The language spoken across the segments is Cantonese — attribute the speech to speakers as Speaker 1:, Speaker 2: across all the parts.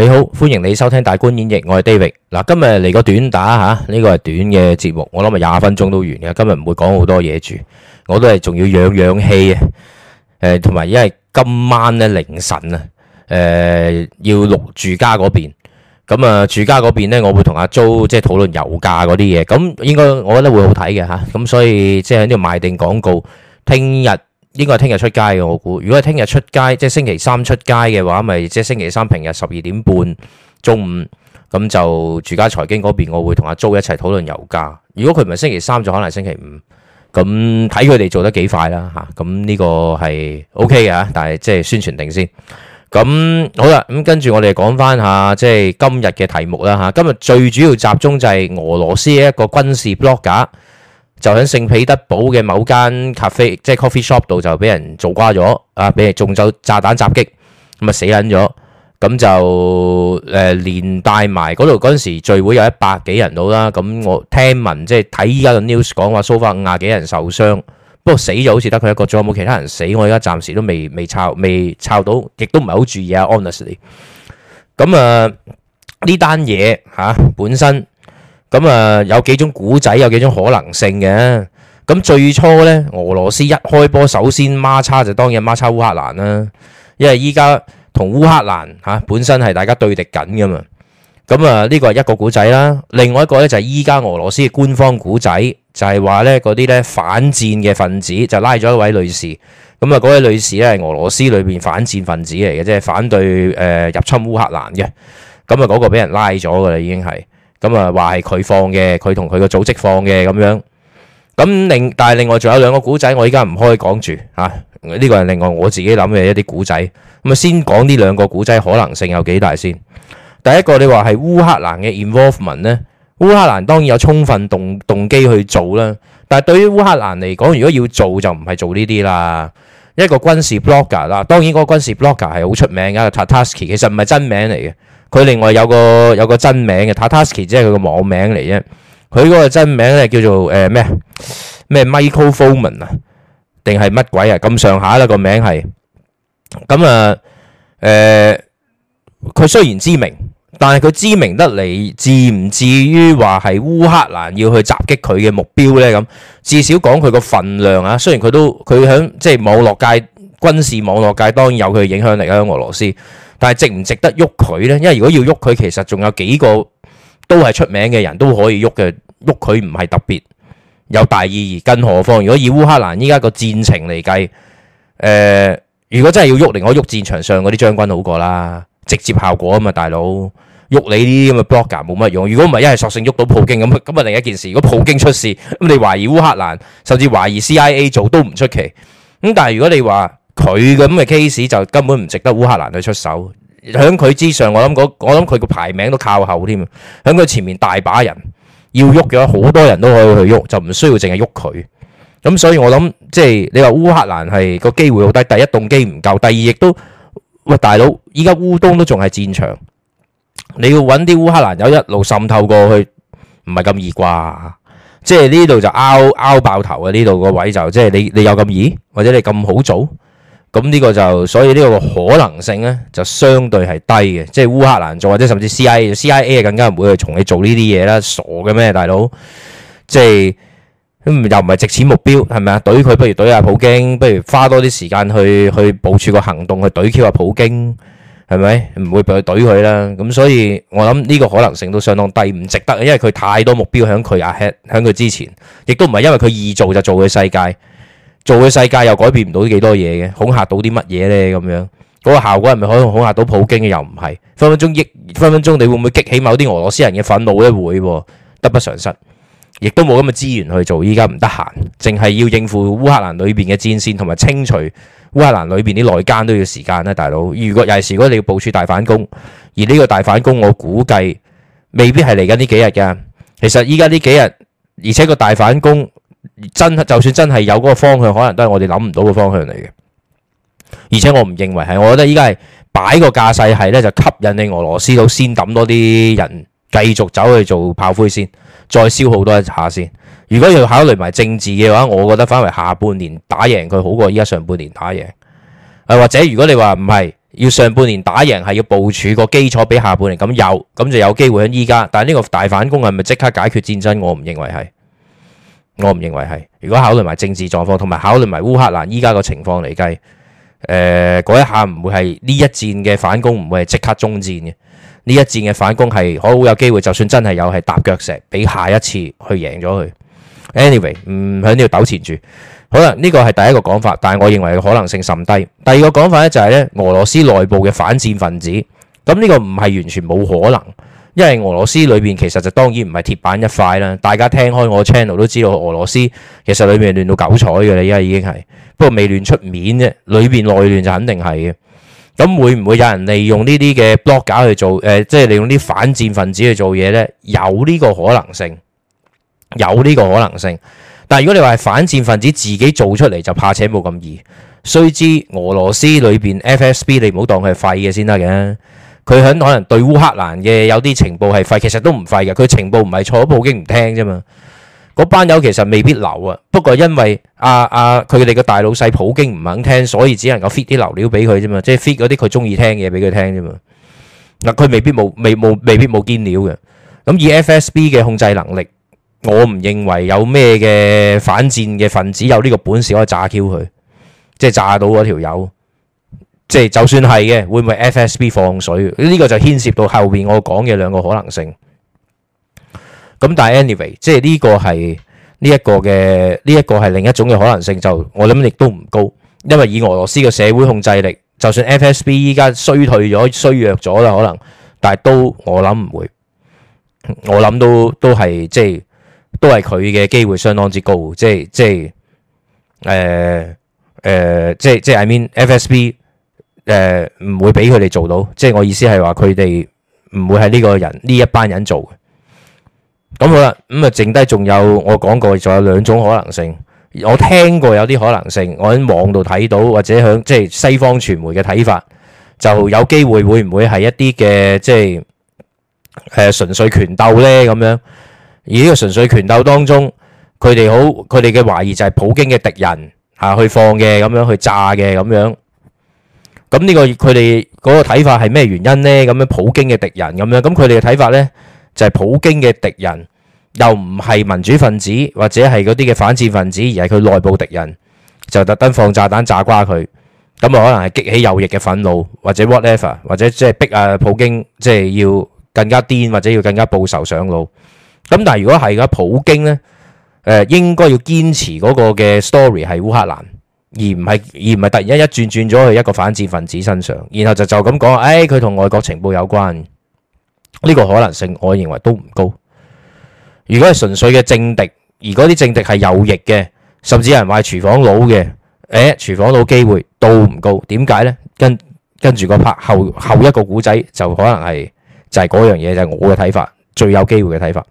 Speaker 1: 你好，歡迎你收聽大觀演繹，我係 David。嗱，今日嚟個短打吓，呢個係短嘅節目，我諗咪廿分鐘都完嘅。今日唔會講好多嘢住，我都係仲要養養氣嘅。誒，同埋因為今晚咧凌晨啊，誒、呃、要錄住家嗰邊，咁啊住家嗰邊咧，我會同阿 Jo 即係討論油價嗰啲嘢，咁應該我覺得會好睇嘅吓，咁所以即係喺呢度賣定廣告，聽日。應該係聽日出街嘅，我估。如果係聽日出街，即係星期三出街嘅話，咪即係星期三平日十二點半中午咁就住家財經嗰邊，我會同阿租一齊討論油價。如果佢唔係星期三，就可能星期五。咁睇佢哋做得幾快啦嚇。咁呢個係 OK 嘅，但係即係宣傳定先。咁好啦，咁跟住我哋講翻下即係今日嘅題目啦嚇。今日最主要集中就係俄羅斯嘅一個軍事 blogger。就喺聖彼得堡嘅某間 cafe，即係 coffee shop 度就俾人做瓜咗啊！俾人中咗炸彈襲擊，咁啊死撚咗。咁就誒連帶埋嗰度嗰陣時聚會有一百幾人到啦。咁我聽聞即係睇依家嘅 news 講話，疏忽五廿幾人受傷，不過死咗好似得佢一個。仲有冇其他人死？我依家暫時都未未抄未抄到，亦都唔係好注意啊。Honestly，咁啊呢單嘢嚇本身。咁啊、嗯，有幾種古仔，有幾種可能性嘅。咁、嗯、最初呢，俄羅斯一開波，首先孖叉就當然孖叉烏克蘭啦，因為依家同烏克蘭吓、啊、本身係大家對敵緊噶嘛。咁、嗯、啊，呢個係一個古仔啦。另外一個、就是、呢，就係依家俄羅斯嘅官方古仔，就係話呢嗰啲呢反戰嘅分子就拉咗一位女士。咁、嗯、啊，嗰位女士呢，係俄羅斯裏邊反戰分子嚟嘅，即、就、係、是、反對誒、呃、入侵烏克蘭嘅。咁、嗯、啊，嗰、那個俾人拉咗噶啦，已經係。咁啊，話係佢放嘅，佢同佢個組織放嘅咁樣。咁另，但係另外仲有兩個古仔，我依家唔可以講住吓。呢個係另外我自己諗嘅一啲古仔。咁啊，先講呢兩個古仔可能性有幾大先。第一個，你話係烏克蘭嘅 involvement 咧，烏克蘭當然有充分動動機去做啦。但係對於烏克蘭嚟講，如果要做就唔係做呢啲啦。一個軍事 blogger 嗱，當然個軍事 blogger 係好出名嘅 Tatarsky，其實唔係真名嚟嘅。佢另外有個有個真名嘅 Tatarsky 只係佢個網名嚟啫。佢嗰個真名咧叫做誒咩咩 Michael Fomen 啊，定係乜鬼啊？咁上下啦個名係咁啊誒。佢、呃、雖然知名，但係佢知名得嚟，至唔至於話係烏克蘭要去襲擊佢嘅目標咧咁。至少講佢個份量啊，雖然佢都佢喺即係網絡界、軍事網絡界，當然有佢嘅影響力喺俄羅斯。但係值唔值得喐佢呢？因為如果要喐佢，其實仲有幾個都係出名嘅人都可以喐嘅，喐佢唔係特別有大意義。更何況如果以烏克蘭依家個戰情嚟計，誒、呃，如果真係要喐，寧可喐戰場上嗰啲將軍好過啦，直接效果啊嘛，大佬，喐你啲咁嘅 blogger 冇乜用。如果唔係一係索性喐到普京咁，咁啊另一件事，如果普京出事，咁你懷疑烏克蘭，甚至懷疑 CIA 做都唔出奇。咁但係如果你話，佢咁嘅 case 就根本唔值得烏克蘭去出手。喺佢之上，我諗嗰我諗佢個排名都靠後添。喺佢前面大把人要喐嘅話，好多人都可以去喐，就唔需要淨係喐佢。咁所以我諗即係你話烏克蘭係個機會好低，第一動機唔夠，第二亦都喂大佬依家烏東都仲係戰場，你要揾啲烏克蘭友一路滲透過去，唔係咁易啩？即係呢度就拗拗爆頭啊！呢度個位就即係你你有咁易，或者你咁好做？咁呢個就所以呢個可能性呢就相對係低嘅，即係烏克蘭做或者甚至 CIA，CIA 係更加唔會去同你做呢啲嘢啦，傻嘅咩大佬？即係又唔係值錢目標係咪啊？懟佢不如懟下普京，不如花多啲時間去去部署個行動去懟 Q 下普京，係咪？唔會俾佢懟佢啦。咁所以我諗呢個可能性都相當低，唔值得，因為佢太多目標喺佢阿 head 喺佢之前，亦都唔係因為佢易做就做佢世界。做嘅世界又改變唔到啲幾多嘢嘅，恐嚇到啲乜嘢呢？咁樣？嗰個效果係咪可以恐嚇到普京嘅？又唔係分分鐘激分分鐘，分鐘你會唔會激起某啲俄羅斯人嘅憤怒咧？會、啊、得不償失，亦都冇咁嘅資源去做。依家唔得閒，淨係要應付烏克蘭裏邊嘅戰線同埋清除烏克蘭裏邊啲內奸都要時間啦，大佬。如果又係如果你要部署大反攻，而呢個大反攻我估計未必係嚟緊呢幾日㗎。其實依家呢幾日，而且個大反攻。真就算真係有嗰個方向，可能都係我哋諗唔到嘅方向嚟嘅。而且我唔認為係，我覺得依家係擺個架勢，係咧就吸引你俄羅斯佬先抌多啲人繼續走去做炮灰先，再消耗多一下先。如果要考慮埋政治嘅話，我覺得反為下半年打贏佢好過依家上半年打贏。或者如果你話唔係要上半年打贏，係要部署個基礎俾下半年咁有，咁就有機會喺依家。但係呢個大反攻係咪即刻解決戰爭？我唔認為係。我唔認為係，如果考慮埋政治狀況，同埋考慮埋烏克蘭依家個情況嚟計，誒、呃、嗰一下唔會係呢一戰嘅反攻，唔會係即刻終戰嘅。呢一戰嘅反攻係好有機會，就算真係有係踏腳石，俾下一次去贏咗佢。Anyway，唔喺呢度糾纏住。好啦，呢個係第一個講法，但係我認為嘅可能性甚低。第二個講法咧就係、是、咧，俄羅斯內部嘅反戰分子，咁呢個唔係完全冇可能。因為俄羅斯裏邊其實就當然唔係鐵板一塊啦，大家聽開我 channel 都知道，俄羅斯其實裏面亂到九彩嘅啦，依家已經係。不過未亂出面啫，裏邊內亂就肯定係嘅。咁會唔會有人利用呢啲嘅 blog 架去做？誒、呃，即係利用啲反戰分子去做嘢呢？有呢個可能性，有呢個可能性。但如果你話係反戰分子自己做出嚟，就怕且冇咁易。須知俄羅斯裏邊 FSB，你唔好當佢係廢嘅先得嘅。佢響可能對烏克蘭嘅有啲情報係廢，其實都唔廢嘅。佢情報唔係錯，普京唔聽啫嘛。嗰班友其實未必流啊，不過因為阿阿佢哋個大老細普京唔肯聽，所以只能夠 fit 啲流料俾佢啫嘛，即係 fit 嗰啲佢中意聽嘅嘢俾佢聽啫嘛。嗱，佢未必冇，未冇，未必冇堅料嘅。咁以 FSB 嘅控制能力，我唔認為有咩嘅反戰嘅分子有呢個本事可以炸 Q 佢，即係炸到嗰條友。即係就算係嘅，會唔會 FSB 放水？呢、這個就牽涉到後邊我講嘅兩個可能性。咁但係 anyway，即係呢個係呢一個嘅呢一個係另一種嘅可能性，就我諗亦都唔高，因為以俄羅斯嘅社會控制力，就算 FSB 依家衰退咗、衰弱咗啦，可能，但係都我諗唔會。我諗都都係即係都係佢嘅機會相當之高。即係即係誒誒，即係、呃呃、即係 I mean FSB。誒，唔、呃、會俾佢哋做到，即係我意思係話佢哋唔會係呢個人呢一班人做嘅。咁、嗯、好啦，咁啊，剩低仲有我講過，仲有兩種可能性。我聽過有啲可能性，我喺網度睇到，或者響即係西方傳媒嘅睇法，就有機會會唔會係一啲嘅即係誒、呃、純粹拳鬥呢？咁樣？而呢個純粹拳鬥當中，佢哋好，佢哋嘅懷疑就係普京嘅敵人吓、啊、去放嘅，咁樣去炸嘅，咁樣。咁呢個佢哋嗰個睇法係咩原因呢？咁樣普京嘅敵人咁樣，咁佢哋嘅睇法呢，就係、是、普京嘅敵人又唔係民主分子或者係嗰啲嘅反戰分子，而係佢內部敵人，就特登放炸彈炸瓜佢。咁可能係激起右翼嘅憤怒，或者 whatever，或者即係逼啊普京即係、就是、要更加癲或者要更加報仇上路。咁但係如果係嘅，普京呢誒、呃、應該要堅持嗰個嘅 story 係烏克蘭。而唔係而唔係突然一一轉轉咗去一個反戰分子身上，然後就就咁講，誒，佢同外國情報有關，呢個可能性我認為都唔高。如果係純粹嘅政敵，而嗰啲政敵係右翼嘅，甚至有人話廚房佬嘅，誒，廚房佬機會都唔高。點解呢？跟跟住個拍後後一個故仔就可能係就係嗰樣嘢，就係我嘅睇法，最有機會嘅睇法。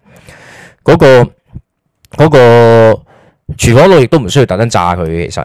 Speaker 1: 嗰個嗰個廚房佬亦都唔需要特登炸佢，其實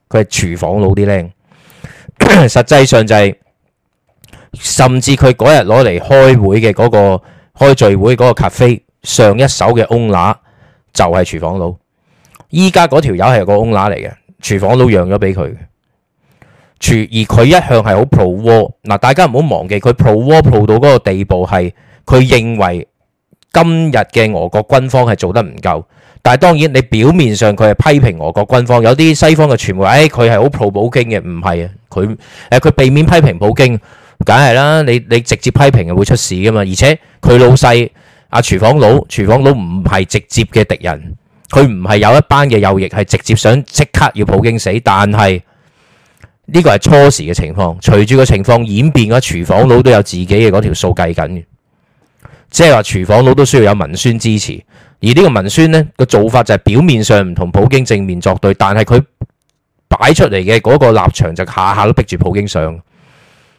Speaker 1: 佢係廚房佬啲靚， 實際上就係、是、甚至佢嗰日攞嚟開會嘅嗰、那個開聚會嗰個 cafe 上一手嘅 owner 就係廚房佬，依家嗰條友係個 owner 嚟嘅，廚房佬讓咗俾佢，廚而佢一向係好 pro-war 嗱，大家唔好忘記佢 pro-war pro 到嗰個地步係佢認為今日嘅俄國軍方係做得唔夠。但係當然，你表面上佢係批評俄國軍方，有啲西方嘅傳媒，誒佢係好 pro 普京嘅，唔係啊，佢誒佢避免批評普京，梗係啦，你你直接批評嘅會出事噶嘛，而且佢老細阿廚房佬，廚房佬唔係直接嘅敵人，佢唔係有一班嘅右翼係直接想即刻要普京死，但係呢個係初時嘅情況，隨住個情況演變，嗰廚房佬都有自己嘅嗰條數計緊嘅，即係話廚房佬都需要有文宣支持。而呢個文宣呢個做法就係表面上唔同普京正面作對，但係佢擺出嚟嘅嗰個立場就下下都逼住普京上，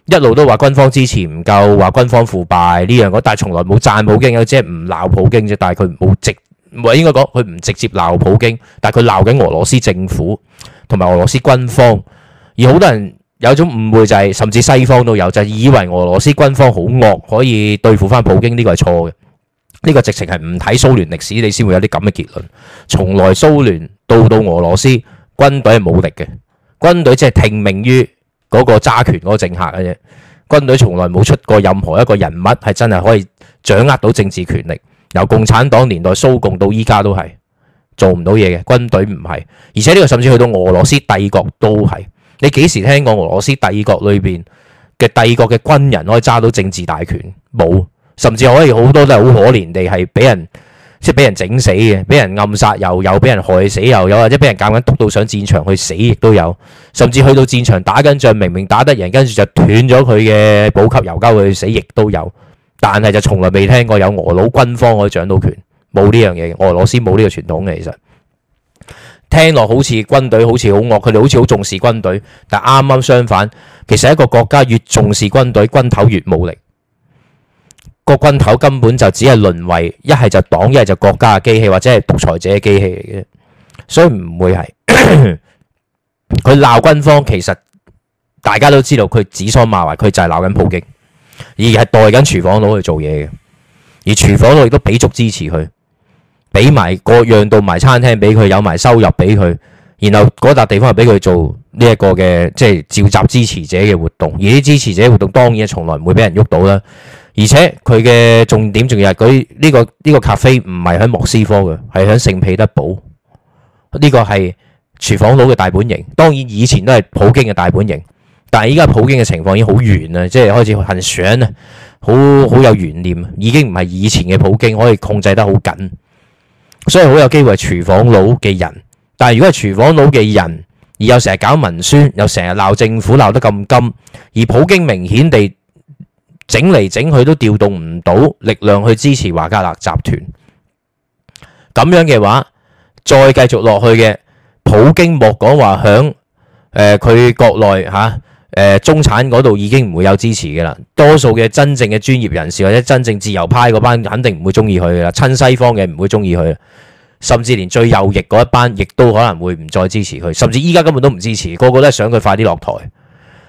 Speaker 1: 一路都話軍方支持唔夠，話軍方腐敗呢樣嘢，但係從來冇讚普京，有只係唔鬧普京啫。但係佢唔好直，應該講佢唔直接鬧普京，但係佢鬧緊俄羅斯政府同埋俄羅斯軍方。而好多人有一種誤會就係、是，甚至西方都有，就係、是、以為俄羅斯軍方好惡可以對付返普京，呢個係錯嘅。呢個直情係唔睇蘇聯歷史，你先會有啲咁嘅結論。從來蘇聯到到俄羅斯，軍隊係冇力嘅，軍隊即係聽命於嗰個揸權嗰個政客嘅啫。軍隊從來冇出過任何一個人物係真係可以掌握到政治權力。由共產黨年代蘇共到依家都係做唔到嘢嘅，軍隊唔係。而且呢個甚至去到俄羅斯帝國都係，你幾時聽過俄羅斯帝國裏邊嘅帝國嘅軍人可以揸到政治大權？冇。甚至可以好多都係好可憐地係俾人，即係俾人整死嘅，俾人暗殺又有，俾人害死又有，或者俾人夾硬督到上戰場去死亦都有。甚至去到戰場打緊仗，明明打得贏，跟住就斷咗佢嘅補給油膠，佢死亦都有。但係就從來未聽過有俄佬軍方可以掌到權，冇呢樣嘢。俄羅斯冇呢個傳統嘅，其實聽落好似軍隊好似好惡，佢哋好似好重視軍隊。但啱啱相反，其實一個國家越重視軍隊，軍頭越冇力。個軍頭根本就只係淪為一係就黨一係就國家嘅機器，或者係獨裁者嘅機器嚟嘅，所以唔會係佢鬧軍方。其實大家都知道，佢指桑罵槐，佢就係鬧緊普京，而係代緊廚房佬去做嘢嘅。而廚房佬亦都俾足支持佢，俾埋個讓到埋餐廳俾佢有埋收入俾佢，然後嗰笪地方係俾佢做呢一個嘅即係召集支持者嘅活動。而啲支持者活動當然係從來唔會俾人喐到啦。而且佢嘅重點仲係佢呢個呢、這個咖啡唔係喺莫斯科嘅，係喺聖彼得堡。呢、這個係廚房佬嘅大本營。當然以前都係普京嘅大本營，但係依家普京嘅情況已經好完啦，即係開始行想啊，好好有懸念，已經唔係以前嘅普京可以控制得好緊，所以好有機會係廚房佬嘅人。但係如果係廚房佬嘅人，而又成日搞文宣，又成日鬧政府鬧得咁金，而普京明顯地，整嚟整去都調動唔到力量去支持華格納集團，咁樣嘅話，再繼續落去嘅，普京莫講話響誒佢國內嚇誒、啊呃、中產嗰度已經唔會有支持嘅啦。多數嘅真正嘅專業人士或者真正自由派嗰班肯定唔會中意佢噶啦，親西方嘅唔會中意佢，甚至連最右翼嗰一班亦都可能會唔再支持佢，甚至依家根本都唔支持，個個都係想佢快啲落台，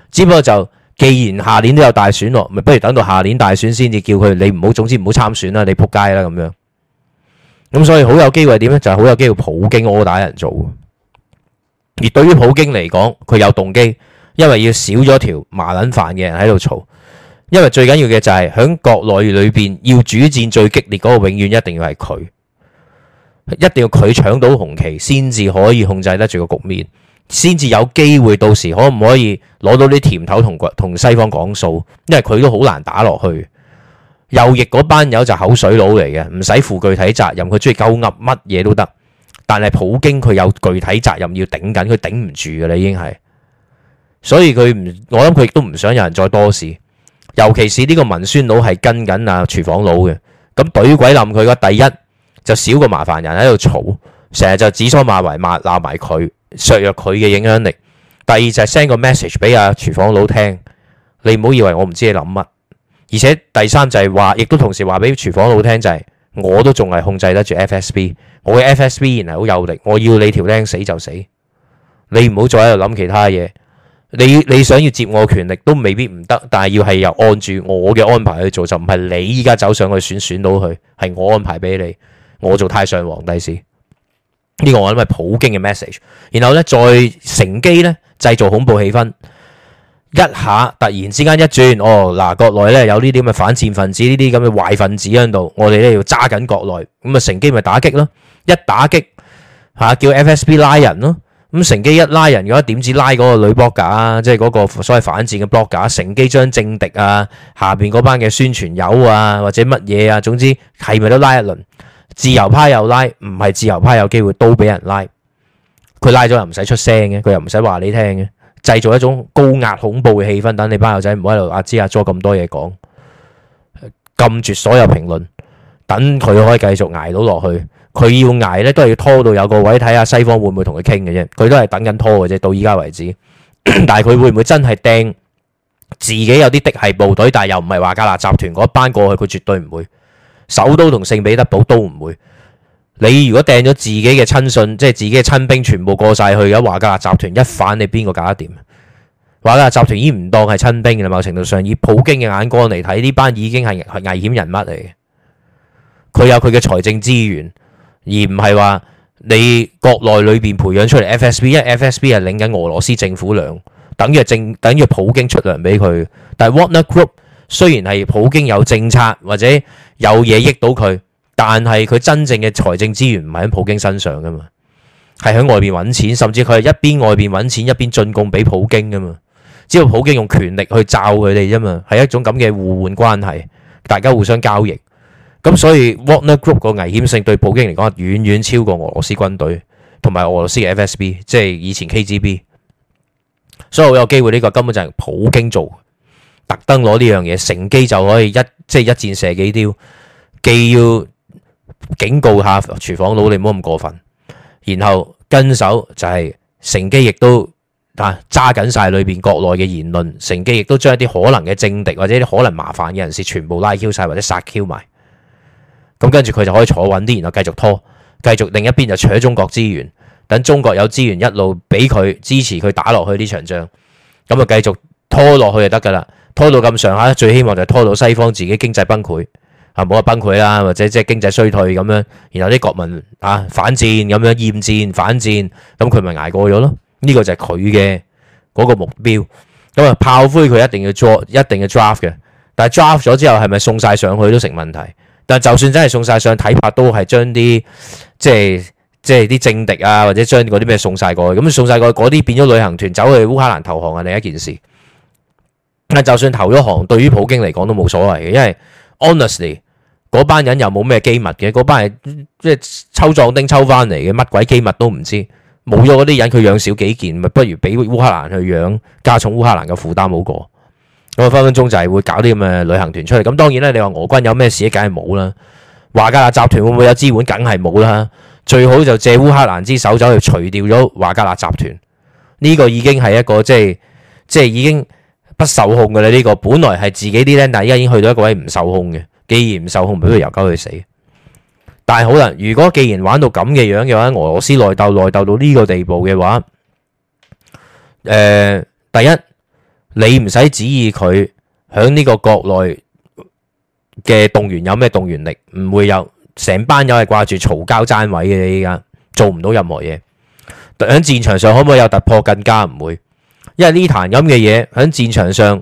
Speaker 1: 只不過就。既然下年都有大選落，咪不如等到下年大選先至叫佢，你唔好，總之唔好參選啦，你撲街啦咁樣。咁所以好有機會點呢？就係好有機會普京柯打人做。而對於普京嚟講，佢有動機，因為要少咗條麻捻煩嘅人喺度嘈。因為最緊要嘅就係響國內裏邊要主戰最激烈嗰個，永遠一定要係佢，一定要佢搶到紅旗先至可以控制得住個局面。先至有機會到時可唔可以攞到啲甜頭同，同同西方講數，因為佢都好難打落去。右翼嗰班友就口水佬嚟嘅，唔使負具體責任，佢中意鳩噏乜嘢都得。但係普京佢有具體責任要頂緊，佢頂唔住噶啦，已經係。所以佢唔，我諗佢亦都唔想有人再多事，尤其是呢個文宣佬係跟緊啊廚房佬嘅咁懟鬼冧佢嘅。第一就少個麻煩人喺度嘈，成日就指桑罵槐罵鬧埋佢，削弱佢嘅影響力，第二就係 send 個 message 俾阿廚房佬聽，你唔好以為我唔知你諗乜，而且第三就係話，亦都同時話俾廚房佬聽就係、是，我都仲係控制得住 FSB，我嘅 FSB 仍然係好有力，我要你條靚死就死，你唔好再喺度諗其他嘢，你你想要接我嘅權力都未必唔得，但係要係由按住我嘅安排去做，就唔係你依家走上去選選到佢。係我安排俾你，我做太上皇帝先。呢個我諗係普京嘅 message，然後咧再乘機咧製造恐怖氣氛，一下突然之間一轉哦嗱，國內咧有呢啲咁嘅反戰分子，呢啲咁嘅壞分子喺度，我哋咧要揸緊國內，咁啊乘機咪打擊咯，一打擊吓叫 FSB 拉人咯，咁乘機一拉人，如果點知拉嗰個女 blogger 啊，即係嗰個所謂反戰嘅 blogger，乘機將政敵啊下邊嗰班嘅宣傳友啊或者乜嘢啊，總之係咪都拉一輪？自由派又拉，唔係自由派有機會都俾人拉。佢拉咗又唔使出聲嘅，佢又唔使話你聽嘅，製造一種高壓恐怖嘅氣氛，等你班友仔唔好喺度阿支阿左咁多嘢講，禁絕所有評論，等佢可以繼續挨到落去。佢要挨呢，都係要拖到有個位睇下西方會唔會同佢傾嘅啫。佢都係等緊拖嘅啫，到依家為止。但係佢會唔會真係掟自己有啲嫡系部隊，但係又唔係話瓦格納集團嗰班過去，佢絕對唔會。首都同聖彼得堡都唔會。你如果掟咗自己嘅親信，即係自己嘅親兵，全部過晒去嘅華格納集團一反，你邊個搞得掂？華格納集團已經唔當係親兵嘅啦。某程度上，以普京嘅眼光嚟睇，呢班已經係危險人物嚟嘅。佢有佢嘅財政資源，而唔係話你國內裏邊培養出嚟。F S B，因為 F S B 係領緊俄羅斯政府糧，等於係政等於普京出糧俾佢。但係 Wagner Group 雖然係普京有政策或者。有嘢益到佢，但係佢真正嘅財政資源唔係喺普京身上噶嘛，係喺外邊揾錢，甚至佢係一邊外邊揾錢一邊進貢俾普京噶嘛。只要普京用權力去罩佢哋啫嘛，係一種咁嘅互換關係，大家互相交易。咁所以 Wagner Group 個危險性對普京嚟講遠遠超過俄羅斯軍隊同埋俄羅斯嘅 FSB，即係以前 KGB。所以我有機會呢個根本就係普京做。特登攞呢樣嘢，乘機就可以一即係一箭射幾雕，既要警告下廚房佬你唔好咁過分，然後跟手就係乘機亦都啊揸緊晒裏邊國內嘅言論，乘機亦都將一啲可能嘅政敵或者啲可能麻煩嘅人士全部拉 Q 晒或者殺 Q 埋，咁跟住佢就可以坐穩啲，然後繼續拖，繼續另一邊就扯中國資源，等中國有資源一路俾佢支持佢打落去呢場仗，咁啊繼續拖落去就得㗎啦。拖到咁上下，最希望就係拖到西方自己經濟崩潰啊，冇話崩潰啦，或者即係經濟衰退咁樣，然後啲國民啊反戰咁樣，厭戰反戰，咁佢咪挨過咗咯？呢個就係佢嘅嗰個目標。咁啊，炮灰佢一定要抓，一定要 draft 嘅。但係 draft 咗之後，係咪送晒上去都成問題？但就算真係送晒上去，睇怕，都係將啲即係即係啲政敵啊，或者將啲咩送晒過去，咁送晒過去嗰啲變咗旅行團走去烏克蘭投降係另一件事。但就算投咗行，對於普京嚟講都冇所謂嘅，因為 honestly 嗰班人又冇咩機密嘅，嗰班係即係抽壯丁抽翻嚟嘅，乜鬼機密都唔知。冇咗嗰啲人，佢養少幾件，咪不如俾烏克蘭去養加重烏克蘭嘅負擔好過。咁啊，分分鐘就係會搞啲咁嘅旅行團出嚟。咁當然咧，你話俄軍有咩事，梗係冇啦。華格納集團會唔會有支援，梗係冇啦。最好就借烏克蘭之手走去除掉咗華格納集團呢、這個、個，已經係一個即係即係已經。不受控嘅啦，呢個本來係自己啲咧，但係而家已經去到一個位唔受控嘅。既然唔受控，咪都由鳩去死。但係好啦，如果既然玩到咁嘅樣嘅話，俄羅斯內鬥內鬥到呢個地步嘅話，誒、呃，第一你唔使指意佢響呢個國內嘅動員有咩動員力，唔會有成班友係掛住嘈交爭位嘅。依家做唔到任何嘢，喺戰場上可唔可以有突破？更加唔會。因為呢壇咁嘅嘢喺戰場上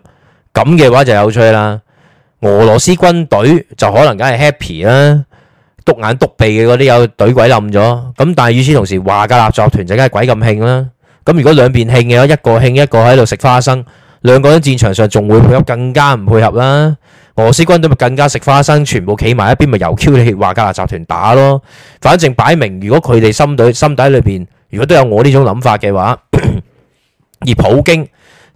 Speaker 1: 咁嘅話就有趣啦，俄羅斯軍隊就可能梗係 happy 啦，篤眼篤鼻嘅嗰啲有隊鬼冧咗，咁但係與此同時華格納集團就梗係鬼咁慶啦，咁如果兩邊慶嘅話，一個慶一個喺度食花生，兩個人戰場上仲會配合？更加唔配合啦，俄羅斯軍隊咪更加食花生，全部企埋一邊咪由 Q 去華格納集團打咯，反正擺明如果佢哋心底心底裏邊如果都有我呢種諗法嘅話。而普京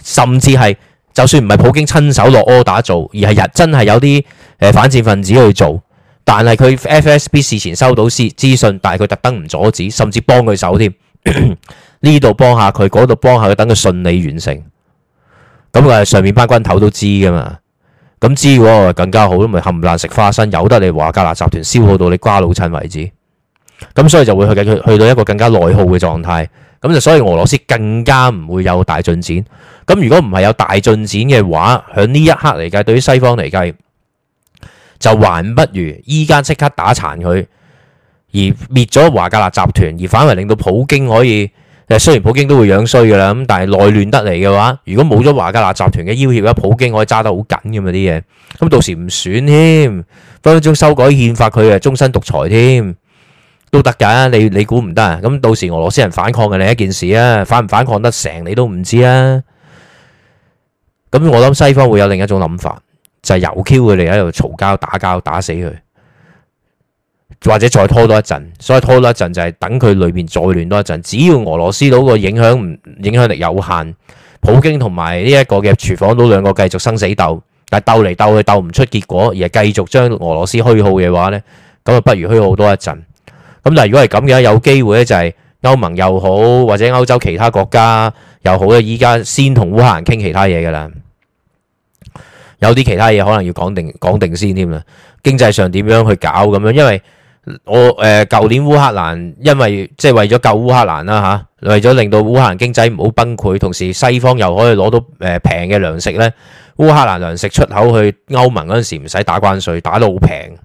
Speaker 1: 甚至係就算唔係普京親手落 order 做，而係日真係有啲誒反戰分子去做，但係佢 FSB 事前收到資資訊，但係佢特登唔阻止，甚至幫佢手添，呢度幫下佢，嗰度幫下佢，等佢順利完成。咁啊，上面班軍頭都知㗎嘛，咁知更加好，咪冚爛食花生，由得你華格納集團消耗到你瓜老襯為止。咁所以就會去去去到一個更加內耗嘅狀態。咁就所以俄羅斯更加唔會有大進展。咁如果唔係有大進展嘅話，喺呢一刻嚟計，對於西方嚟計，就還不如依家即刻打殘佢，而滅咗華格納集團，而反而令到普京可以誒，雖然普京都會樣衰噶啦，咁但係內亂得嚟嘅話，如果冇咗華格納集團嘅要挾，咧，普京可以揸得好緊咁啊啲嘢。咁到時唔選添，分分鐘修改憲法，佢係終身獨裁添。都得噶，你你估唔得啊？咁到時俄羅斯人反抗嘅另一件事啊，反唔反抗得成你都唔知啊。咁我諗西方會有另一種諗法，就係又 Q 佢哋喺度嘈交、打交、打死佢，或者再拖多一陣。所以拖多一陣就係等佢裏面再亂多一陣。只要俄羅斯嗰個影響唔影響力有限，普京同埋呢一個嘅廚房都兩個繼續生死鬥，但係鬥嚟鬥去鬥唔出結果，而係繼續將俄羅斯虛耗嘅話呢，咁啊，不如虛耗多一陣。咁但係如果係咁嘅，有機會咧就係歐盟又好，或者歐洲其他國家又好咧，依家先同烏克蘭傾其他嘢噶啦。有啲其他嘢可能要講定講定先添啦。經濟上點樣去搞咁樣？因為我誒舊、呃、年烏克蘭因為即係為咗救烏克蘭啦吓、啊，為咗令到烏克蘭經濟唔好崩潰，同時西方又可以攞到誒平嘅糧食咧。烏克蘭糧食出口去歐盟嗰陣時唔使打關稅，打到好平。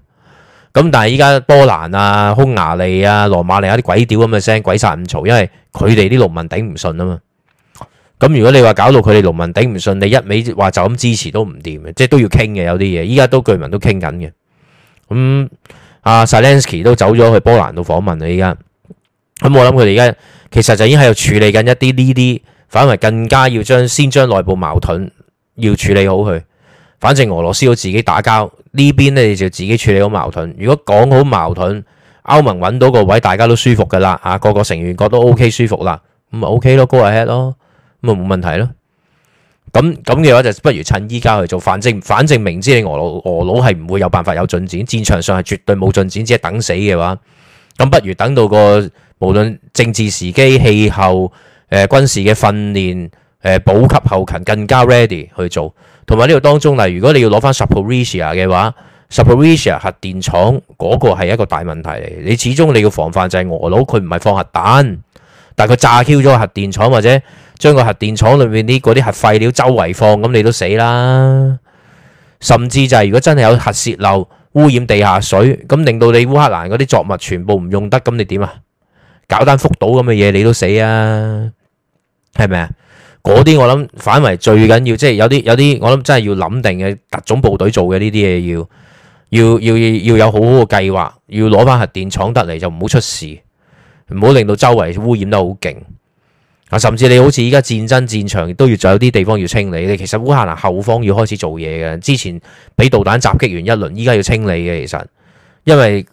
Speaker 1: 咁但係依家波蘭啊、匈牙利啊、羅馬尼亞啲鬼屌咁嘅聲，鬼殺咁嘈，因為佢哋啲農民頂唔順啊嘛。咁如果你話搞到佢哋農民頂唔順，你一味話就咁支持都唔掂嘅，即係都要傾嘅，有啲嘢依家都據聞都傾緊嘅。咁阿 Silenzki 都走咗去波蘭度訪問啦依家。咁、嗯、我諗佢哋而家其實就已經喺度處理緊一啲呢啲，反而更加要將先將內部矛盾要處理好佢。反正俄羅斯都自己打交呢邊咧，邊你就自己處理好矛盾。如果講好矛盾，歐盟搵到個位，大家都舒服噶啦，啊個個成員覺得 OK 舒服啦，咁咪 OK 咯，Go ahead 咯，咁咪冇問題咯。咁咁嘅話，就不如趁依家去做。反正反正明知你俄羅俄佬係唔會有辦法有進展，戰場上係絕對冇進展，只係等死嘅話，咁不如等到個無論政治時機、氣候、誒、呃、軍事嘅訓練、誒、呃、補給後勤更加 ready 去做。同埋呢個當中，嗱，如果你要攞翻 Zaporizhzhia 嘅話，Zaporizhzhia 核電廠嗰個係一個大問題嚟。你始終你要防範就係俄佬，佢唔係放核彈，但係佢炸 Q 咗核電廠或者將個核電廠裏面啲嗰啲核廢料周圍放，咁你都死啦。甚至就係如果真係有核泄漏污染地下水，咁令到你烏克蘭嗰啲作物全部唔用得，咁你點啊？搞單福島咁嘅嘢，你都死啊，係咪啊？嗰啲我諗反為最緊要，即係有啲有啲我諗真係要諗定嘅特種部隊做嘅呢啲嘢，要要要要有好好嘅計劃，要攞翻核電廠得嚟就唔好出事，唔好令到周圍污染得好勁。啊，甚至你好似依家戰爭戰場都要仲有啲地方要清理。你其實烏克蘭後方要開始做嘢嘅，之前俾導彈襲擊完一輪，依家要清理嘅其實，因為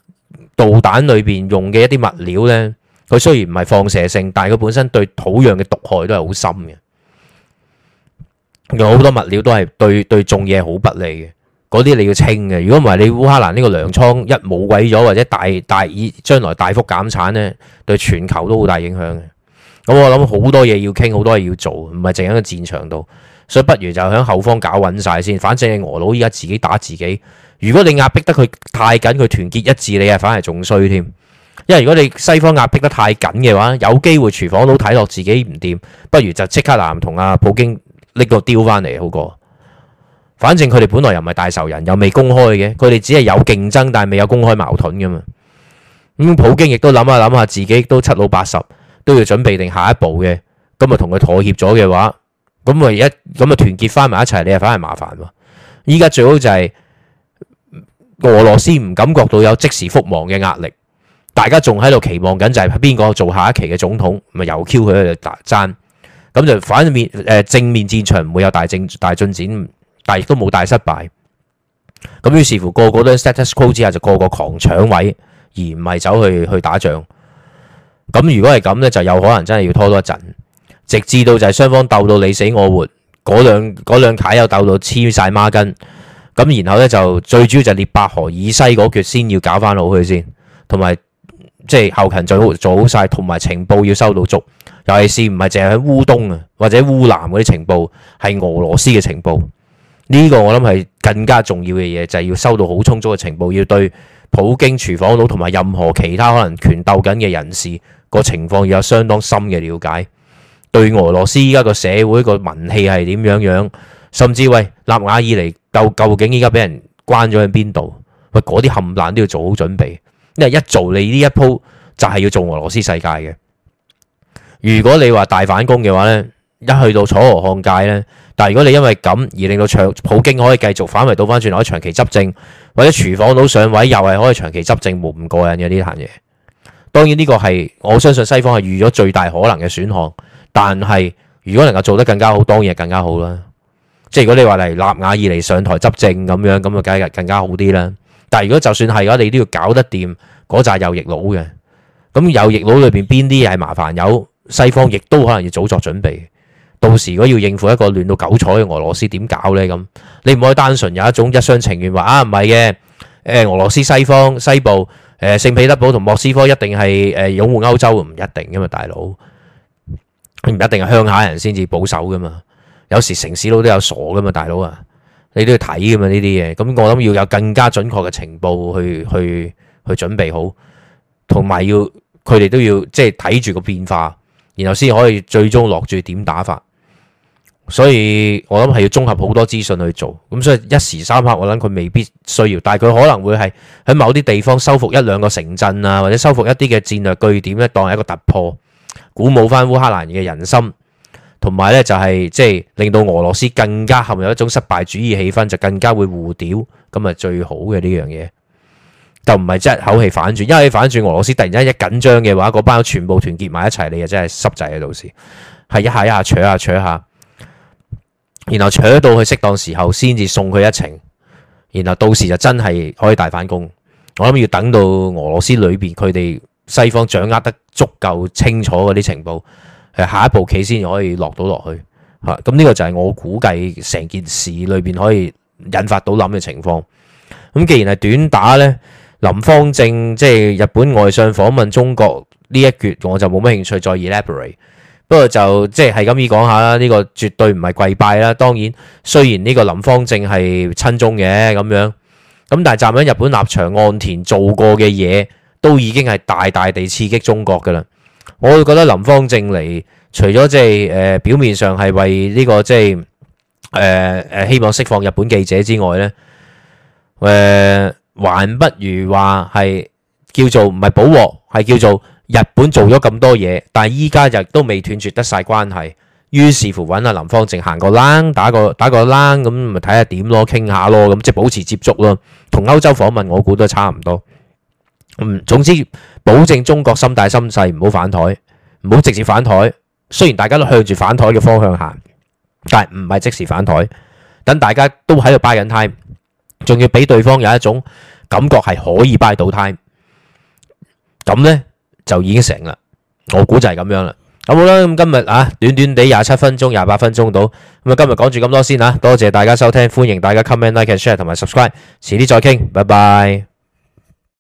Speaker 1: 導彈裏邊用嘅一啲物料呢，佢雖然唔係放射性，但係佢本身對土壤嘅毒害都係好深嘅。有好多物料都係對對種嘢好不利嘅，嗰啲你要清嘅。如果唔係，你烏克蘭呢個糧倉一冇鬼咗，或者大大以將來大幅減產呢，對全球都好大影響嘅。咁我諗好多嘢要傾，好多嘢要做，唔係淨喺個戰場度，所以不如就喺後方搞穩晒先。反正俄佬依家自己打自己，如果你壓迫得佢太緊，佢團結一致，你啊反而仲衰添。因為如果你西方壓迫得太緊嘅話，有機會廚房佬睇落自己唔掂，不如就即刻南同阿普京。拎個丟翻嚟好過，反正佢哋本來又唔係大仇人，又未公開嘅，佢哋只係有競爭，但係未有公開矛盾噶嘛。咁普京亦都諗下諗下，自己都七老八十，都要準備定下一步嘅。咁啊同佢妥協咗嘅話，咁啊一咁啊團結翻埋一齊，你啊反而麻煩。依家最好就係俄羅斯唔感覺到有即時覆亡嘅壓力，大家仲喺度期望緊就係邊個做下一期嘅總統，咪又 Q 佢去打爭。咁就反面，誒、呃、正面戰場唔會有大正大進展，但亦都冇大失敗。咁於是乎，個個都 status quo 之下，就個個狂搶位，而唔係走去去打仗。咁如果係咁咧，就有可能真係要拖多一陣，直至到就係雙方鬥到你死我活，嗰兩嗰兩派又鬥到黐晒孖筋。咁然後咧就最主要就列伯河，以西嗰決，先要搞翻好佢先，同埋即係後勤最好做好晒，同埋情報要收到足。尤其是唔係淨係喺烏東啊，或者烏南嗰啲情報係俄羅斯嘅情報。呢、這個我諗係更加重要嘅嘢，就係、是、要收到好充足嘅情報，要對普京廚房佬同埋任何其他可能權鬥緊嘅人士、這個情況要有相當深嘅了解。對俄羅斯依家個社會個民氣係點樣樣，甚至喂納瓦爾尼究究竟依家俾人關咗喺邊度？喂，嗰啲冚唪唥都要做好準備，因為一做你呢一鋪就係、是、要做俄羅斯世界嘅。如果你話大反攻嘅話呢，一去到楚河漢界呢。但係如果你因為咁而令到長普京可以繼續返回倒翻轉來可以長期執政，或者廚房佬上位又係可以長期執政冇唔過癮嘅呢單嘢。當然呢、呢個係我相信西方係預咗最大可能嘅選項，但係如果能夠做得更加好，當然更加好啦。即係如果你話嚟納瓦爾尼上台執政咁樣，咁就梗更加好啲啦。但係如果就算係嘅話，你都要搞得掂嗰紮右翼佬嘅。咁右翼佬裏邊邊啲係麻煩有？西方亦都可能要早作準備，到時如果要應付一個亂到九彩嘅俄羅斯點搞呢？咁？你唔可以單純有一種一廂情願話啊唔係嘅，誒俄羅斯西方西部誒、呃、聖彼得堡同莫斯科一定係誒擁護歐洲唔一定噶嘛，大佬唔一定係鄉下人先至保守噶嘛，有時城市佬都，都有傻噶嘛，大佬啊，你都要睇噶嘛呢啲嘢，咁我諗要有更加準確嘅情報去去去，去準備好，同埋要佢哋都要即係睇住個變化。然後先可以最終落住點打法，所以我諗係要綜合好多資訊去做，咁所以一時三刻我諗佢未必需要，但係佢可能會係喺某啲地方收復一兩個城鎮啊，或者收復一啲嘅戰略據點咧，當係一個突破，鼓舞翻烏克蘭嘅人心，同埋咧就係即係令到俄羅斯更加陷入一種失敗主義氣氛，就更加會互屌，咁啊最好嘅呢樣嘢，就唔係真係口氣反轉，因為你反轉俄羅斯突然間一緊張嘅話，嗰班全部團結埋一齊，你啊真係濕滯啊！到時係一下一下扯下扯下，然後扯到去適當時候先至送佢一程，然後到時就真係可以大反攻。我諗要等到俄羅斯裏邊佢哋西方掌握得足夠清楚嗰啲情報，誒下一步棋先至可以落到落去。吓，咁呢個就係我估計成件事裏邊可以引發到諗嘅情況。咁既然係短打呢。林方正，即係日本外相訪問中國呢一橛，我就冇咩興趣再 elaborate。不過就即係係咁意講下啦，呢個絕對唔係跪拜啦。當然，雖然呢個林方正係親中嘅咁樣，咁但係站喺日本立場，岸田做過嘅嘢都已經係大大地刺激中國噶啦。我會覺得林方正嚟，除咗即係誒表面上係為呢個即係誒誒希望釋放日本記者之外咧，誒、呃。還不如話係叫做唔係保和，係叫做日本做咗咁多嘢，但係依家就都未斷絕得晒關係。於是乎揾阿林芳正行個躝，打個打個躝，咁咪睇下點咯，傾下咯，咁即係保持接觸咯。同歐洲訪問，我估都差唔多。嗯，總之保證中國心大心細，唔好反台，唔好直接反台。雖然大家都向住反台嘅方向行，但係唔係即時反台。等大家都喺度擺緊肽。仲要俾對方有一種感覺係可以 buy 到 time，咁呢就已經成啦。我估就係咁樣啦。咁好啦，咁今日啊，短短地廿七分鐘、廿八分鐘到，咁啊，今日講住咁多先吓。多謝大家收聽，歡迎大家 comment、like and share 同埋 subscribe。遲啲再傾，拜拜。